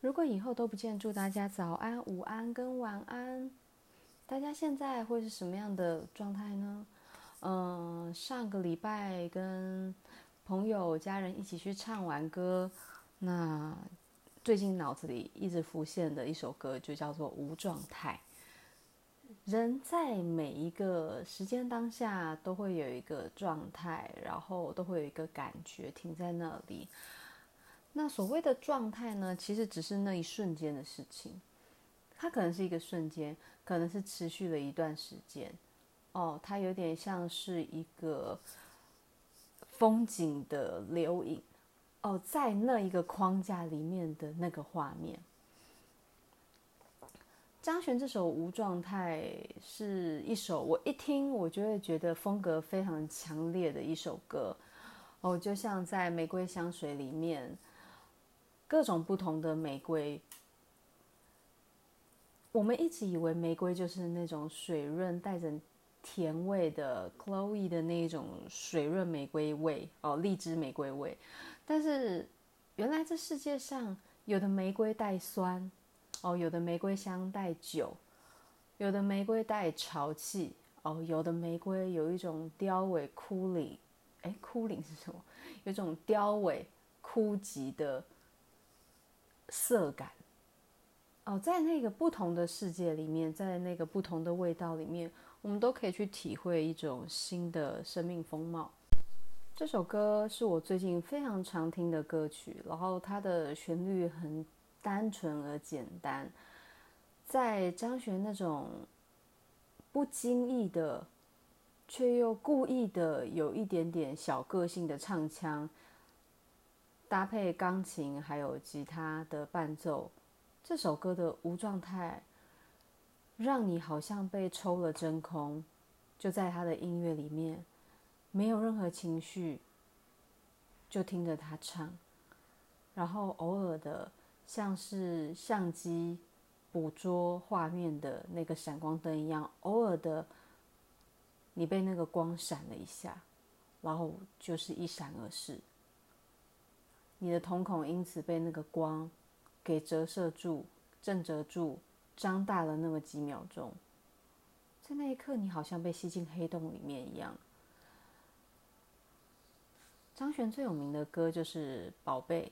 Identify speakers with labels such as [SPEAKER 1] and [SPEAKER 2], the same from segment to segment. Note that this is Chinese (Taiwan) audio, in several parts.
[SPEAKER 1] 如果以後都不見，祝大家早安、午安跟晚安。大家現在會是什麼樣的狀態呢？嗯，上個禮拜跟朋友家人一起去唱完歌，那最近腦子裡一直浮現的一首歌就叫做《無狀態》。人在每一個時間當下都會有一個狀態，然後都會有一個感覺停在那裡。那所謂的狀態呢，其實只是那一瞬間的事情，它可能是一個瞬間，可能是持續了一段時間，哦，它有點像是一個風景的留影，哦，在那一個框架裡面的那個畫面。張懸這首《無狀態》是一首我一聽我就會覺得風格非常強烈的一首歌，哦，就像在玫瑰香水裡面。各種不同的玫瑰，我們一直以為玫瑰就是那種水潤帶着甜味的 Chloe 的那種水潤玫瑰味哦，荔枝玫瑰味。但是原來這世界上有的玫瑰帶酸哦，有的玫瑰香帶酒，有的玫瑰帶潮氣哦，有的玫瑰有一種凋萎枯零，哎，枯零是什麼？有種凋萎枯竭的。色感哦，在那個不同的世界裡面，在那個不同的味道裡面，我們都可以去體會一種新的生命風貌。這首歌是我最近非常常聽的歌曲，然後它的旋律很單純而簡單，在張懸那種不經意的卻又故意的有一點點小個性的唱腔。搭配鋼琴還有吉他的伴奏，這首歌的無狀態，讓你好像被抽了真空，就在他的音樂裡面，沒有任何情緒，就聽着他唱，然後偶爾的像是相機捕捉畫面的那個閃光燈一樣，偶爾的你被那個光閃了一下，然後就是一閃而逝。你的瞳孔因此被那個光給折射住、震折住、張大了那麼幾秒鐘，在那一刻，你好像被吸進黑洞裡面一樣。張懸最有名的歌就是《寶貝》，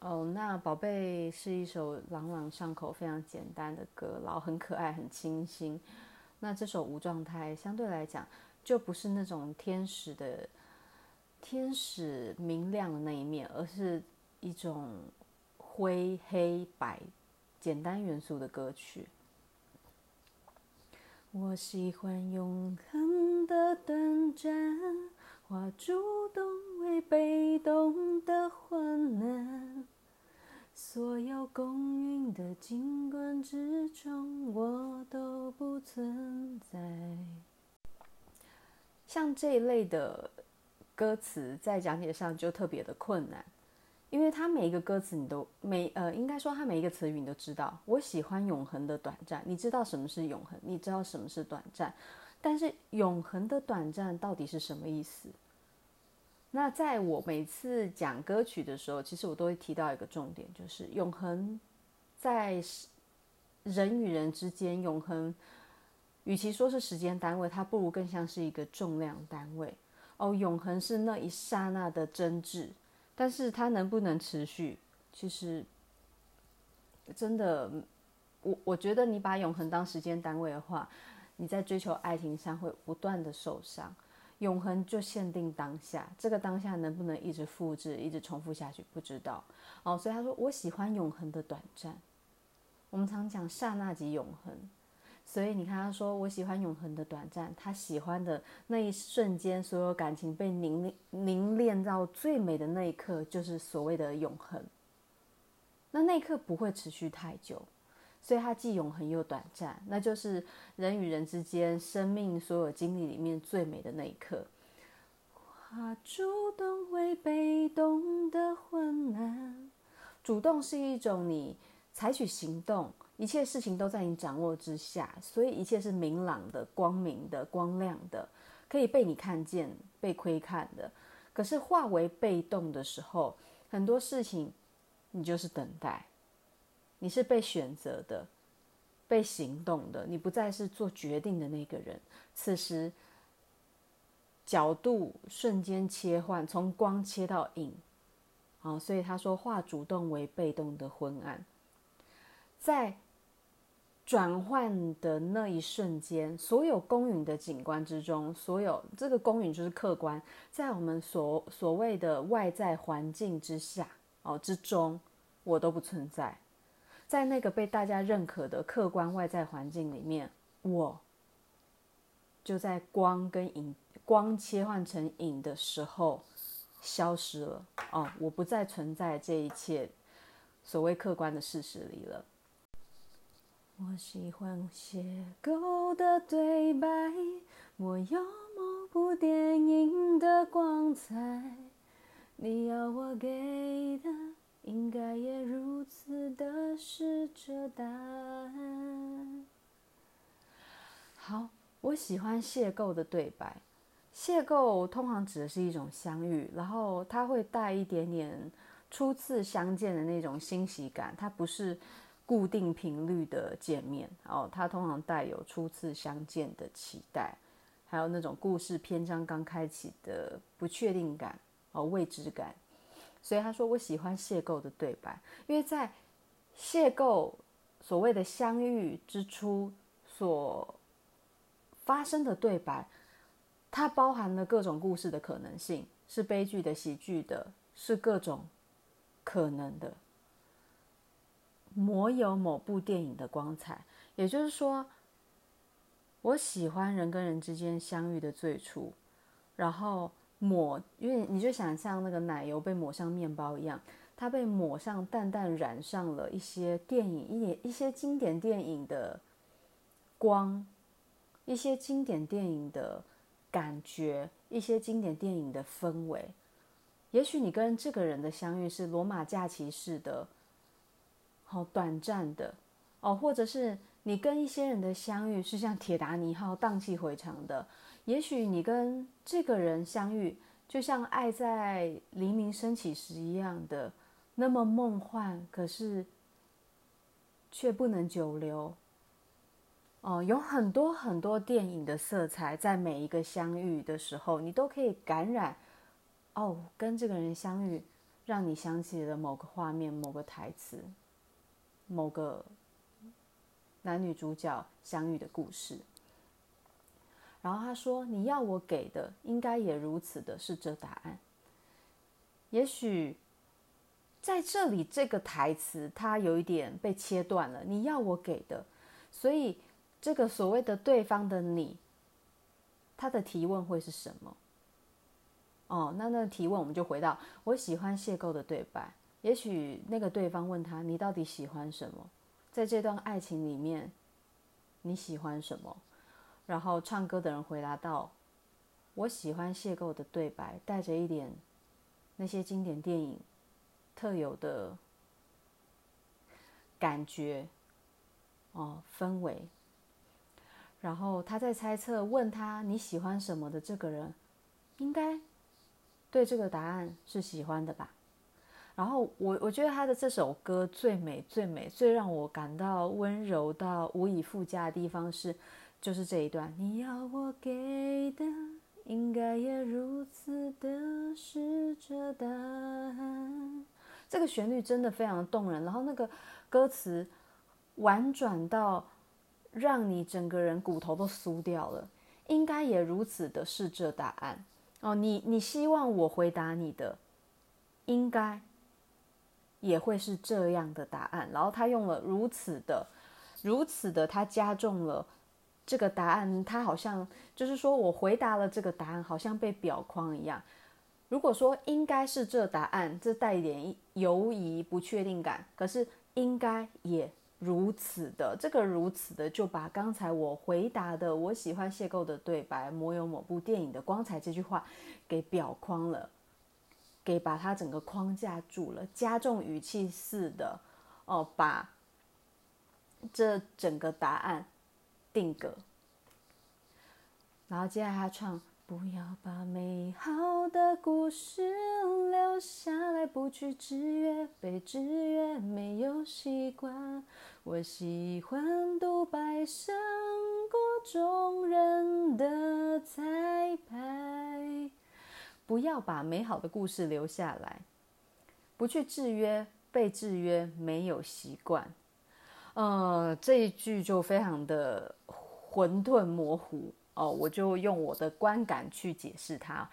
[SPEAKER 1] 哦，那《寶貝》是一首朗朗上口、非常簡單的歌，然後很可愛、很清新。那這首《無狀態》相對來講，就不是那種天使的。天使明亮的那一面，而是一種灰黑白簡單元素的歌曲。我喜歡永恆的短暫，化主動為被動的混亂。所有公允的景觀之中，我都不存在。像這一類的。歌詞在講解上就特別的困難，因為他每一個歌詞你都每呃，應該說他每一個詞語你都知道。我喜歡永恆的短暫，你知道什麼是永恆，你知道什麼是短暫，但是永恆的短暫到底是什麼意思？那在我每次講歌曲的時候，其實我都會提到一個重點，就是永恆在人與人之間，永恆與其說是時間單位，它不如更像是一個重量單位。哦，永恆是那一剎那的真摯，但是它能不能持續，其實真的，我我覺得你把永恆當時間單位的話，你在追求愛情上會不斷的受傷。永恆就限定當下，這個當下能不能一直複製、一直重複下去，不知道。哦，所以他說我喜歡永恆的短暫。我們常講剎那即永恆。所以你看，他說我喜歡永恆的短暫，他喜歡的那一瞬間，所有感情被凝凝練到最美的那一刻，就是所謂的永恆。那那一刻不會持續太久，所以它既永恆又短暫，那就是人與人之間生命所有經歷裡面最美的那一刻。我主動為被動的困難，主動是一種你採取行動。一切事情都在你掌握之下，所以一切是明朗的、光明的、光亮的，可以被你看見、被窺看的。可是化為被動的時候，很多事情你就是等待，你是被選擇的、被行動的，你不再是做決定的那個人。此時角度瞬間切換，從光切到影。好，所以他說化主動為被動的昏暗，在。轉換的那一瞬間，所有光影的景觀之中，所有這個光影就是客觀，在我們所所謂的外在環境之下，哦，之中，我都不存在。在那個被大家認可的客觀外在環境裡面，我就在光跟影，光切換成影的時候消失了。哦，我不再存在這一切所謂客觀的事實裡了。我喜歡邂逅的對白，我有某部電影的光彩。你要我給的，應該也如此的是這答案。好，我喜歡邂逅的對白。邂逅通常指的是一種相遇，然後它會帶一點點初次相見的那種欣喜感，它不是。固定頻率的見面哦，它通常帶有初次相見的期待，還有那種故事篇章剛開啟的不確定感哦，未知感。所以他說我喜歡邂逅的對白，因為在邂逅所謂的相遇之初所發生的對白，它包含了各種故事的可能性，是悲劇的、喜劇的，是各種可能的。抹有某部電影的光彩，也就是說，我喜歡人跟人之間相遇的最初，然後抹，因為你就想像那個奶油被抹上面包一樣，它被抹上淡淡染上了一些電影一點，一些經典電影的光，一些經典電影的感覺，一些經典電影的氛圍。也許你跟這個人的相遇是羅馬假期式的。好短暫的哦，或者是你跟一些人的相遇是像《鐵達尼號》盪氣迴腸的。也許你跟這個人相遇，就像愛在黎明升起時一樣的那麼夢幻，可是卻不能久留。哦，有很多很多電影的色彩，在每一個相遇的時候，你都可以感染。哦，跟這個人相遇，讓你想起了某個畫面、某個台詞。某個男女主角相遇的故事，然後他說：“你要我給的，應該也如此的是這答案。也許在這裡，這個台詞它有一點被切斷了。你要我給的，所以這個所謂的對方的你，他的提問會是什麼？哦，那那提問我們就回到我喜歡邂逅的對白。”也許那個對方問他：“你到底喜歡什麼？”在這段愛情裡面，你喜歡什麼？然後唱歌的人回答道：“我喜歡邂逅的對白，帶着一點那些經典電影特有的感覺哦，氛圍。”然後他在猜測，問他你喜歡什麼的這個人，應該對這個答案是喜歡的吧？然後我我覺得他的這首歌最美最美，最讓我感到溫柔到無以復加的地方是，就是這一段。你要我給的，應該也如此的是這答案。這個旋律真的非常動人，然後那個歌詞婉轉到讓你整個人骨頭都酥掉了。應該也如此的是這答案。哦，你你希望我回答你的，應該。也會是這樣的答案，然後他用了如此的，如此的，他加重了這個答案，他好像就是說我回答了這個答案，好像被裱框一樣。如果說應該是這答案，這帶一點猶疑、不確定感，可是應該也如此的，這個如此的就把剛才我回答的“我喜歡邂逅的對白，某有某部電影的光彩”這句話給裱框了。給把它整個框架住了，加重語氣似的，哦，把這整個答案定格。然後接下來他唱：不要把美好的故事留下來，不去制約，被制約沒有習慣。我喜歡獨白，勝過眾人的彩排。不要把美好的故事留下來，不去制約，被制約，沒有習慣。嗯、呃，這一句就非常的混沌模糊哦，我就用我的觀感去解釋它。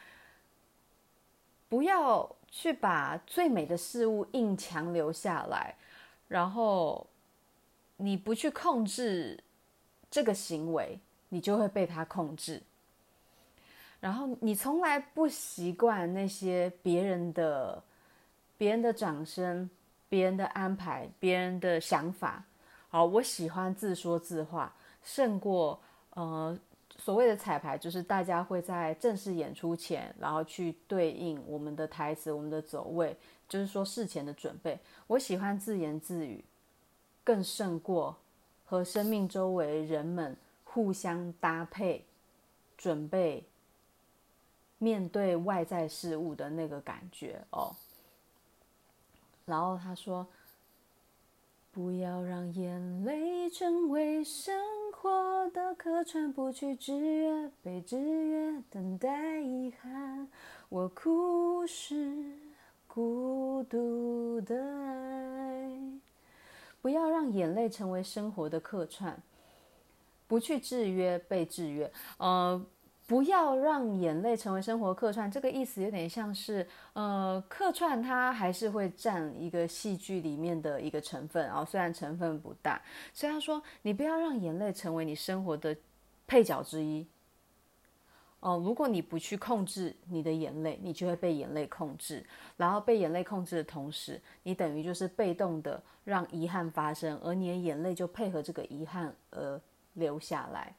[SPEAKER 1] 不要去把最美的事物硬強留下來，然後你不去控制這個行為，你就會被它控制。然後你從來不習慣那些別人的，別人的掌聲、別人的安排、別人的想法。好，我喜歡自說自話，勝過呃所謂的彩排，就是大家會在正式演出前，然後去對應我們的台詞、我們的走位，就是說事前的準備。我喜歡自言自語，更勝過和生命周圍人們互相搭配準備。面對外在事物的那個感覺哦，然後他說：“不要讓眼淚成為生活的客串，不去制約被制約，等待遺憾。我哭是孤獨的愛。不要讓眼淚成為生活的客串，不去制約被制約。”嗯。不要讓眼淚成為生活客串，這個意思有點像是，呃，客串它還是會佔一個戲劇裡面的一個成分啊，哦，雖然成分不大。雖然說你不要讓眼淚成為你生活的配角之一。哦，如果你不去控制你的眼淚，你就會被眼淚控制，然後被眼淚控制的同時，你等於就是被動的讓遺憾發生，而你的眼淚就配合這個遺憾而流下來。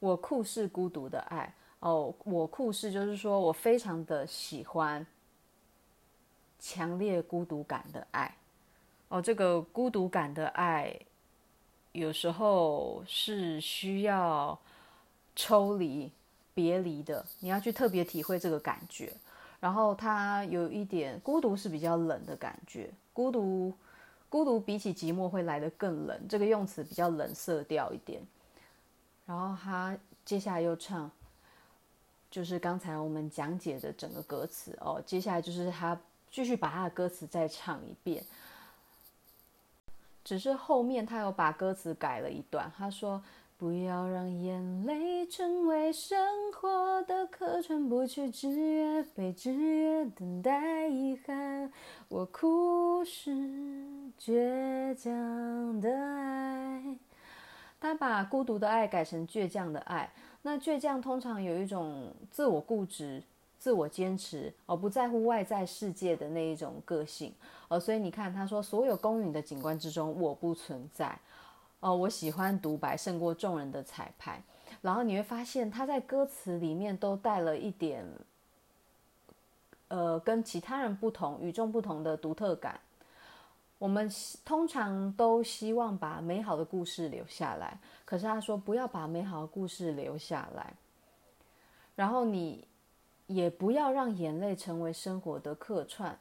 [SPEAKER 1] 我酷嗜孤獨的愛哦，oh, 我酷嗜就是說我非常的喜歡強烈孤獨感的愛哦，oh, 這個孤獨感的愛有時候是需要抽離別離的，你要去特別體會這個感覺。然後它有一點孤獨是比較冷的感覺，孤獨孤獨比起寂寞會來得更冷，這個用詞比較冷色調一點。然後他接下來又唱，就是剛才我們講解的整個歌詞哦。接下來就是他繼續把他的歌詞再唱一遍，只是後面他又把歌詞改了一段。他說：“不要讓眼淚成為生活的客串，不去制約，被制約，等待遺憾。我哭是倔強的愛。”他把孤獨的愛改成倔強的愛，那倔強通常有一種自我固執、自我堅持，而不在乎外在世界的那一種個性。呃，所以你看，他說所有公允的景觀之中我不存在，呃，我喜歡獨白勝過眾人的彩排。然後你會發現他在歌詞裡面都帶了一點，呃，跟其他人不同、與眾不同的獨特感。我們通常都希望把美好的故事留下來，可是他說不要把美好的故事留下來，然後你也不要讓眼淚成為生活的客串。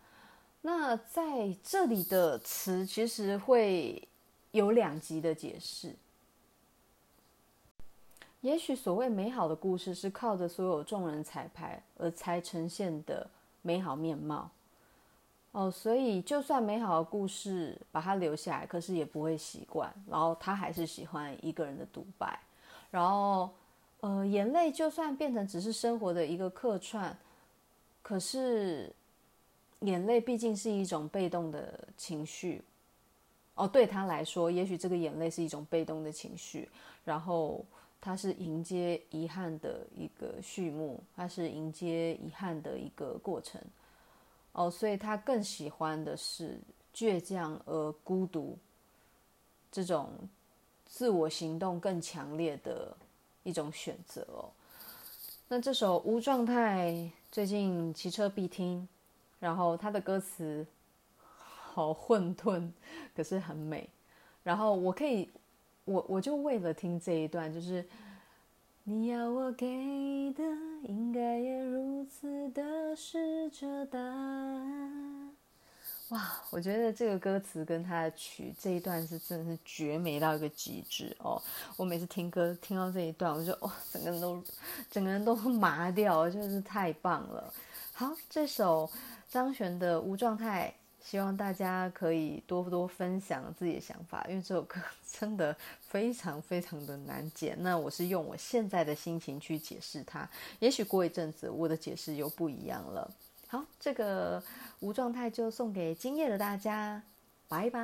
[SPEAKER 1] 那在這裡的詞其實會有兩極的解釋。也許所謂美好的故事，是靠着所有眾人彩排而才呈現的美好面貌。哦，所以就算美好的故事把它留下來，可是也不會習慣。然後他還是喜歡一個人的獨白。然後，呃，眼淚就算變成只是生活的一個客串，可是眼淚畢竟是一種被動的情緒。哦，對他來說，也許這個眼淚是一種被動的情緒。然後他是迎接遺憾的一個序幕，他是迎接遺憾的一個過程。哦，所以他更喜歡的是倔強而孤獨，這種自我行動更強烈的，一種選擇哦。那這首《無狀態》最近騎車必聽，然後他的歌詞好混沌，可是很美。然後我可以，我我就為了聽這一段，就是。你要我給的，應該也如此的試着答案。哇，我覺得這個歌詞跟他的曲這一段是真的是絕美到一個極致哦！我每次聽歌聽到這一段，我就哇、哦，整個人都，整個人都麻掉，真、就、的是太棒了。好，這首張懸的《無狀態》。希望大家可以多多分享自己的想法，因為這首歌真的非常非常的難解，那我是用我現在的心情去解釋它，也許過一陣子我的解釋又不一樣了。好，這個無狀態就送給今夜的大家，拜拜。